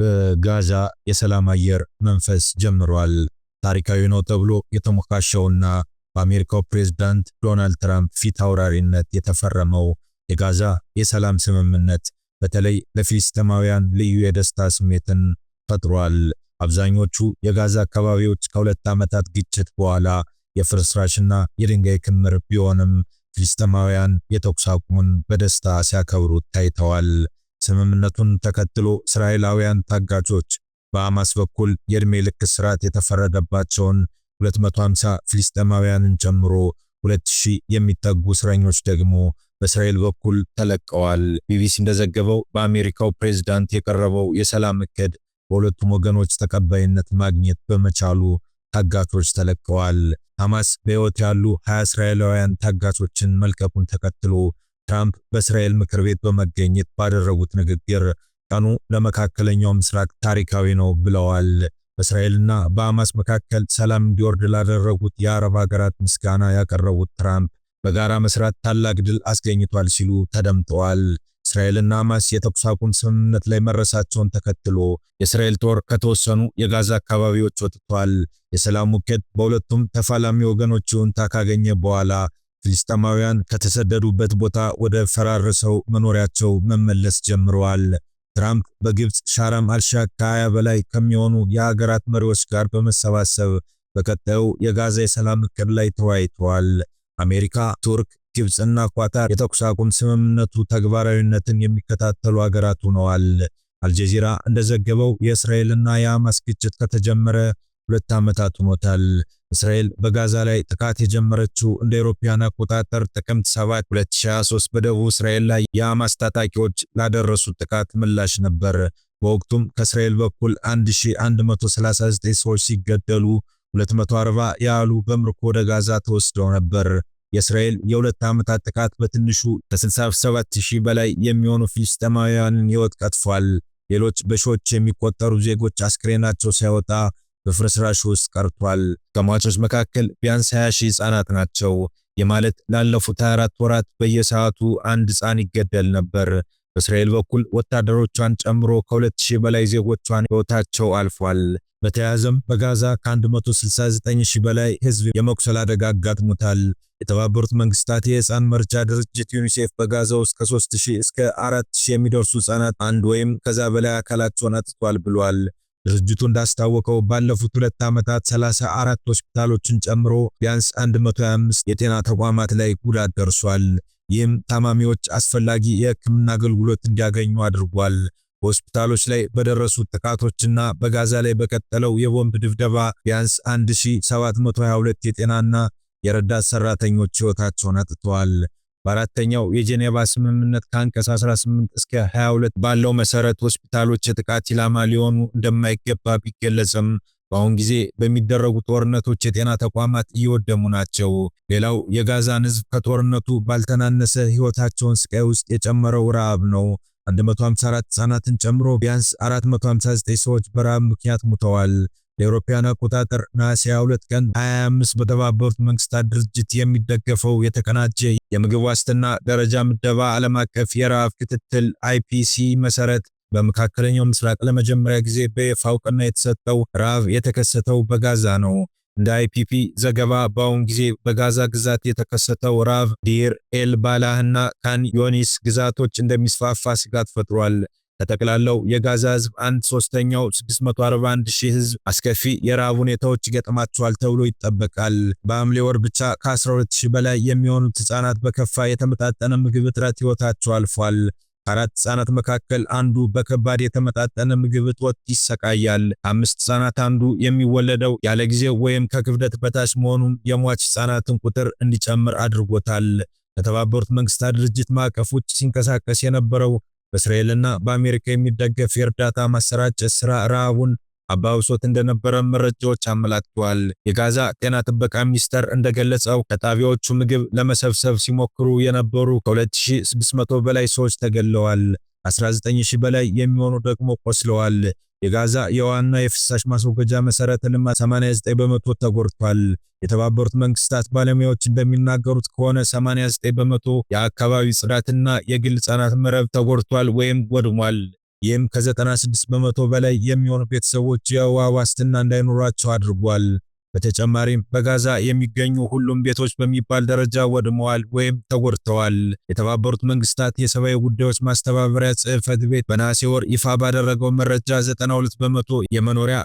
በጋዛ የሰላም አየር መንፈስ ጀምሯል። ታሪካዊ ነው ተብሎ የተሞካሸውና በአሜሪካው ፕሬዝዳንት ዶናልድ ትራምፕ ፊት አውራሪነት የተፈረመው የጋዛ የሰላም ስምምነት በተለይ ለፊልስጤማውያን ልዩ የደስታ ስሜትን ፈጥሯል። አብዛኞቹ የጋዛ አካባቢዎች ከሁለት ዓመታት ግጭት በኋላ የፍርስራሽና የድንጋይ ክምር ቢሆንም ፊልስጤማውያን የተኩስ አቁሙን በደስታ ሲያከብሩ ታይተዋል። ስምምነቱን ተከትሎ እስራኤላውያን ታጋቾች በሐማስ በኩል የዕድሜ ልክ እስራት የተፈረደባቸውን 250 ፍልስጤማውያንን ጨምሮ 2000 የሚጠጉ እስረኞች ደግሞ በእስራኤል በኩል ተለቀዋል። ቢቢሲ እንደዘገበው በአሜሪካው ፕሬዝዳንት የቀረበው የሰላም እቅድ በሁለቱም ወገኖች ተቀባይነት ማግኘት በመቻሉ ታጋቾች ተለቀዋል። ሐማስ በሕይወት ያሉ 20 እስራኤላውያን ታጋቾችን መልቀቁን ተከትሎ ትራምፕ በእስራኤል ምክር ቤት በመገኘት ባደረጉት ንግግር ቀኑ ለመካከለኛው ምስራቅ ታሪካዊ ነው ብለዋል። በእስራኤልና በሐማስ መካከል ሰላም እንዲወርድ ላደረጉት የአረብ ሀገራት ምስጋና ያቀረቡት ትራምፕ በጋራ መስራት ታላቅ ድል አስገኝቷል ሲሉ ተደምጠዋል። እስራኤልና ሐማስ የተኩስ አቁም ስምምነት ላይ መረሳቸውን ተከትሎ የእስራኤል ጦር ከተወሰኑ የጋዛ አካባቢዎች ወጥቷል። የሰላም ውጤት በሁለቱም ተፋላሚ ወገኖች ይሁንታ ካገኘ በኋላ ፍልስጤማውያን ከተሰደዱበት ቦታ ወደ ፈራረሰው መኖሪያቸው መመለስ ጀምረዋል። ትራምፕ በግብፅ ሻራም አልሻክ ከሀያ በላይ ከሚሆኑ የሀገራት መሪዎች ጋር በመሰባሰብ በቀጣዩ የጋዛ የሰላም እቅድ ላይ ተወያይተዋል። አሜሪካ፣ ቱርክ፣ ግብፅና ኳታር የተኩስ አቁም ስምምነቱ ተግባራዊነትን የሚከታተሉ ሀገራት ሆነዋል። አልጀዚራ እንደዘገበው የእስራኤልና የሐማስ ግጭት ከተጀመረ ሁለት ዓመታት ሆኖታል። እስራኤል በጋዛ ላይ ጥቃት የጀመረችው እንደ አውሮፓውያን አቆጣጠር ጥቅምት 7 2023 በደቡብ እስራኤል ላይ የሐማስ ታጣቂዎች ላደረሱት ጥቃት ምላሽ ነበር። በወቅቱም ከእስራኤል በኩል 1139 ሰዎች ሲገደሉ 240 ያህሉ በምርኮ ወደ ጋዛ ተወስደው ነበር። የእስራኤል የሁለት ዓመታት ጥቃት በትንሹ ከ67000 በላይ የሚሆኑ ፊልስጤማውያንን ሕይወት ቀጥፏል። ሌሎች በሺዎች የሚቆጠሩ ዜጎች አስክሬናቸው ሳይወጣ በፍርስራሽ ውስጥ ቀርቷል። ከሟቾች መካከል ቢያንስ 20 ሺህ ህጻናት ናቸው። የማለት ላለፉት 24 ወራት በየሰዓቱ አንድ ህፃን ይገደል ነበር። በእስራኤል በኩል ወታደሮቿን ጨምሮ ከ2000 በላይ ዜጎቿን ህይወታቸው አልፏል። በተያያዘም በጋዛ ከ169 ሺህ በላይ ህዝብ የመቁሰል አደጋ አጋጥሞታል። የተባበሩት መንግስታት የህፃን መርጃ ድርጅት ዩኒሴፍ በጋዛ ውስጥ ከ3000 እስከ 4000 የሚደርሱ ህጻናት አንድ ወይም ከዛ በላይ አካላቸውን አጥቷል ብሏል። ድርጅቱ እንዳስታወቀው ባለፉት ሁለት ዓመታት 34 ሆስፒታሎችን ጨምሮ ቢያንስ 125 የጤና ተቋማት ላይ ጉዳት ደርሷል። ይህም ታማሚዎች አስፈላጊ የሕክምና አገልግሎት እንዲያገኙ አድርጓል። በሆስፒታሎች ላይ በደረሱት ጥቃቶችና በጋዛ ላይ በቀጠለው የቦምብ ድብደባ ቢያንስ 1722 የጤናና የረዳት ሰራተኞች ሕይወታቸውን አጥተዋል። በአራተኛው የጄኔቫ ስምምነት ከአንቀጽ 18 እስከ 22 ባለው መሰረት ሆስፒታሎች የጥቃት ኢላማ ሊሆኑ እንደማይገባ ቢገለጽም በአሁን ጊዜ በሚደረጉ ጦርነቶች የጤና ተቋማት እየወደሙ ናቸው። ሌላው የጋዛን ሕዝብ ከጦርነቱ ባልተናነሰ ሕይወታቸውን ስቃይ ውስጥ የጨመረው ረሃብ ነው። 154 ሕፃናትን ጨምሮ ቢያንስ 459 ሰዎች በረሃብ ምክንያት ሙተዋል። የአውሮፓውያን አቆጣጠር ነሐሴ 22 ቀን 25 በተባበሩት መንግስታት ድርጅት የሚደገፈው የተቀናጀ የምግብ ዋስትና ደረጃ ምደባ ዓለም አቀፍ የረሃብ ክትትል አይፒሲ መሰረት በመካከለኛው ምስራቅ ለመጀመሪያ ጊዜ በይፋ እውቅና የተሰጠው ረሃብ የተከሰተው በጋዛ ነው። እንደ አይፒፒ ዘገባ በአሁን ጊዜ በጋዛ ግዛት የተከሰተው ረሃብ ዲር ኤል ባላህ እና ካን ዮኒስ ግዛቶች እንደሚስፋፋ ስጋት ፈጥሯል። ከጠቅላላው የጋዛ ህዝብ አንድ ሶስተኛው 641 ሺህ ህዝብ አስከፊ የረሃብ ሁኔታዎች ይገጥማቸዋል ተብሎ ይጠበቃል። በሐምሌ ወር ብቻ ከ12 ሺህ በላይ የሚሆኑት ህጻናት በከፋ የተመጣጠነ ምግብ እጥረት ህይወታቸው አልፏል። ከአራት ህጻናት መካከል አንዱ በከባድ የተመጣጠነ ምግብ እጦት ይሰቃያል። አምስት ህጻናት አንዱ የሚወለደው ያለ ጊዜ ወይም ከክብደት በታች መሆኑም የሟች ህጻናትን ቁጥር እንዲጨምር አድርጎታል። ከተባበሩት መንግስታት ድርጅት ማዕቀፍ ውጭ ሲንቀሳቀስ የነበረው በእስራኤልና በአሜሪካ የሚደገፍ የእርዳታ ማሰራጨት ስራ ረሃቡን አባብሶት እንደነበረ መረጃዎች አመላክተዋል። የጋዛ ጤና ጥበቃ ሚኒስቴር እንደገለጸው ከጣቢያዎቹ ምግብ ለመሰብሰብ ሲሞክሩ የነበሩ ከ2600 በላይ ሰዎች ተገለዋል። 19000 በላይ የሚሆኑ ደግሞ ቆስለዋል። የጋዛ የውሃና የፍሳሽ ማስወገጃ መሰረተ ልማት 89 በመቶ ተጎድቷል። የተባበሩት መንግስታት ባለሙያዎች እንደሚናገሩት ከሆነ 89 በመቶ የአካባቢ ጽዳትና የግል ሕፃናት መረብ ተጎድቷል ወይም ወድሟል። ይህም ከ96 በመቶ በላይ የሚሆኑ ቤተሰቦች የውሃ ዋስትና እንዳይኖራቸው አድርጓል። በተጨማሪም በጋዛ የሚገኙ ሁሉም ቤቶች በሚባል ደረጃ ወድመዋል ወይም ተጎድተዋል። የተባበሩት መንግስታት የሰብአዊ ጉዳዮች ማስተባበሪያ ጽህፈት ቤት በነሐሴ ወር ይፋ ባደረገው መረጃ 92 በመቶ የመኖሪያ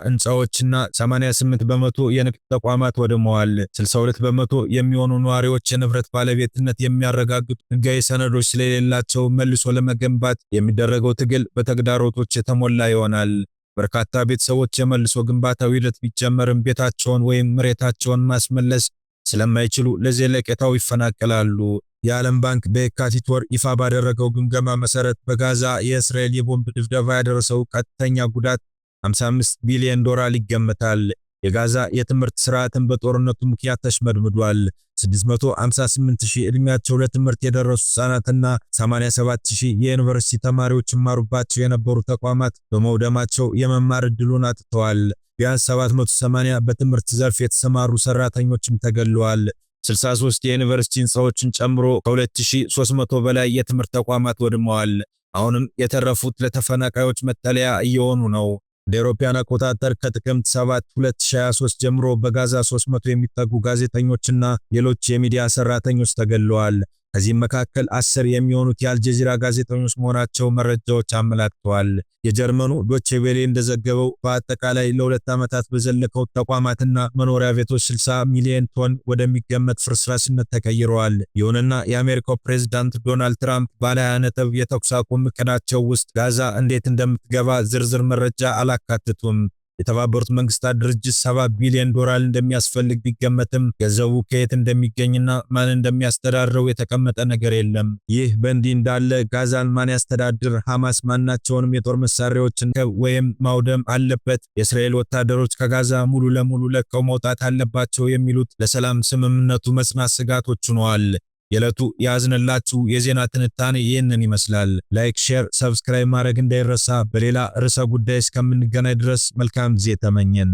ና 88 በመቶ የንግድ ተቋማት ወድመዋል። 62 በመቶ የሚሆኑ ነዋሪዎች የንብረት ባለቤትነት የሚያረጋግጡ ህጋዊ ሰነዶች ስለሌላቸው መልሶ ለመገንባት የሚደረገው ትግል በተግዳሮቶች የተሞላ ይሆናል። በርካታ ቤተሰቦች የመልሶ ግንባታው ሂደት ቢጀመርም ቤታቸውን ወይም መሬታቸውን ማስመለስ ስለማይችሉ ለዘለቄታው ይፈናቀላሉ። የዓለም ባንክ በየካቲት ወር ይፋ ባደረገው ግምገማ መሰረት በጋዛ የእስራኤል የቦምብ ድብደባ ያደረሰው ቀጥተኛ ጉዳት 55 ቢሊዮን ዶላር ይገመታል። የጋዛ የትምህርት ስርዓትን በጦርነቱ ምክንያት ተሽመድምዷል። 658 ሺህ እድሜያቸው ለትምህርት የደረሱ ህጻናትና 87 ሺህ የዩኒቨርሲቲ ተማሪዎች ይማሩባቸው የነበሩ ተቋማት በመውደማቸው የመማር እድሉን አጥተዋል። ቢያንስ 780 በትምህርት ዘርፍ የተሰማሩ ሰራተኞችም ተገለዋል። 63 የዩኒቨርሲቲ ህንፃዎችን ጨምሮ ከ2300 በላይ የትምህርት ተቋማት ወድመዋል። አሁንም የተረፉት ለተፈናቃዮች መጠለያ እየሆኑ ነው። እንደ አውሮፓውያን አቆጣጠር ከጥቅምት 7 2023 ጀምሮ በጋዛ 300 የሚጠጉ ጋዜጠኞችና ሌሎች የሚዲያ ሰራተኞች ተገድለዋል። ከዚህም መካከል አስር የሚሆኑት የአልጀዚራ ጋዜጠኞች መሆናቸው መረጃዎች አመላክተዋል። የጀርመኑ ዶቼ ቬሌ እንደዘገበው በአጠቃላይ ለሁለት ዓመታት በዘለቀው ተቋማትና መኖሪያ ቤቶች 60 ሚሊዮን ቶን ወደሚገመት ፍርስራሽነት ተቀይረዋል። ይሁንና የአሜሪካው ፕሬዝዳንት ዶናልድ ትራምፕ ባለ ነጥብ የተኩስ አቁም እቅዳቸው ውስጥ ጋዛ እንዴት እንደምትገባ ዝርዝር መረጃ አላካትቱም። የተባበሩት መንግስታት ድርጅት 70 ቢሊዮን ዶላር እንደሚያስፈልግ ቢገመትም ገንዘቡ ከየት እንደሚገኝና ማን እንደሚያስተዳድረው የተቀመጠ ነገር የለም። ይህ በእንዲህ እንዳለ ጋዛን ማን ያስተዳድር? ሐማስ ማናቸውንም የጦር መሳሪያዎችን ወይም ማውደም አለበት፣ የእስራኤል ወታደሮች ከጋዛ ሙሉ ለሙሉ ለቀው መውጣት አለባቸው የሚሉት ለሰላም ስምምነቱ መጽናት ስጋቶች ሆነዋል። የዕለቱ የያዝንላችሁ የዜና ትንታኔ ይህንን ይመስላል። ላይክ፣ ሼር፣ ሰብስክራይብ ማድረግ እንዳይረሳ። በሌላ ርዕሰ ጉዳይ እስከምንገናኝ ድረስ መልካም ጊዜ ተመኘን።